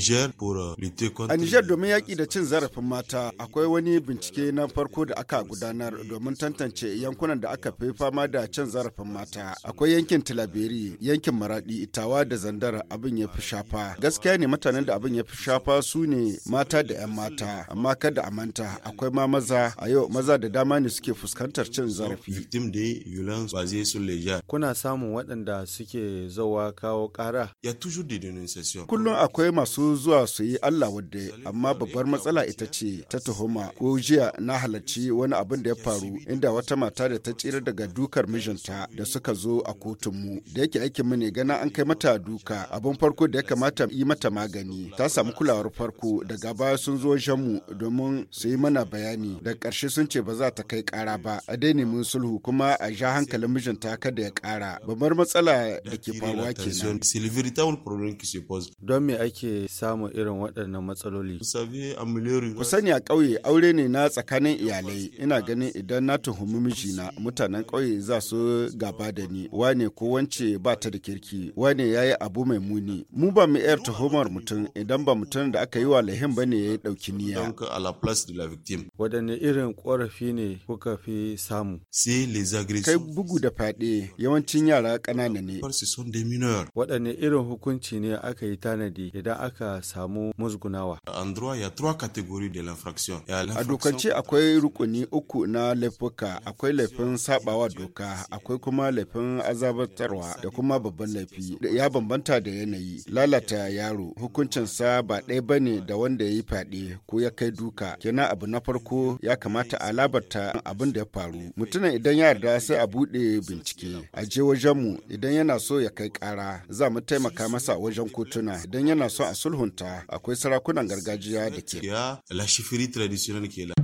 Niger pour euh, lutter contre. A Niger domin yaƙi da cin zarafin mata akwai wani bincike na farko da aka gudanar domin tantance yankunan da aka fi fama da cin zarafin mata. Akwai yankin Tilaberi, yankin Maradi, Itawa da zandara abin ya fi shafa. Gaskiya ne mutanen da abin ya fi shafa su ne mata da 'yan mata, amma kada a manta akwai ma maza a yau maza da dama ne suke fuskantar cin zarafi. Kuna samun waɗanda suke zawa kawo ƙara? Kullum akwai masu zuwa su yi Allah wadda amma babbar matsala ita ce ta tuhuma ko jiya na halarci wani abin da ya faru inda wata mata da ta tsira daga dukar mijinta da suka zo a kotunmu da yake aikin mu ne gana an kai mata duka abin farko da ya kamata yi mata magani ta samu kulawar farko daga baya sun zo mu domin su yi mana bayani da karshe sun ce ba za ta kai kara ba a dai mun sulhu kuma a ja hankalin mijinta kada ya kara babbar matsala da ke faruwa kenan don me ake samu irin waɗannan matsaloli. Ku sani a ƙauye aure ne na tsakanin iyalai ina ganin idan na tuhumi mijina mutanen ƙauye za su gaba da ni wane ko wance ba ta da kirki wane ya yi abu mai muni. Mu ba mu yar tuhumar mutum idan ba mutum da aka yi wa lahin ba ne ya yi ɗauki niyya. Waɗanne irin ƙorafi ne kuka fi samu? Kai bugu da fyaɗe yawancin yara ƙanana ne. Waɗanne irin hukunci ne aka yi tanadi idan aka samu musgunawa. A dokance akwai rukuni uku na laifuka, akwai laifin sabawa doka, akwai kuma laifin azabatarwa da kuma babban laifi. Ya bambanta da yanayi, lalata yaro, hukuncinsa ba ɗaya ba ne da wanda ya yi fyaɗe ko ya kai duka. Kenan abu na farko ya kamata a labarta abin da ya faru. Mutumin idan ya yarda sai a buɗe bincike, a je wajen mu idan yana so ya kai ƙara, za mu taimaka masa wajen kotuna idan yana so a sulhu mahunta akwai sarakunan gargajiya da ke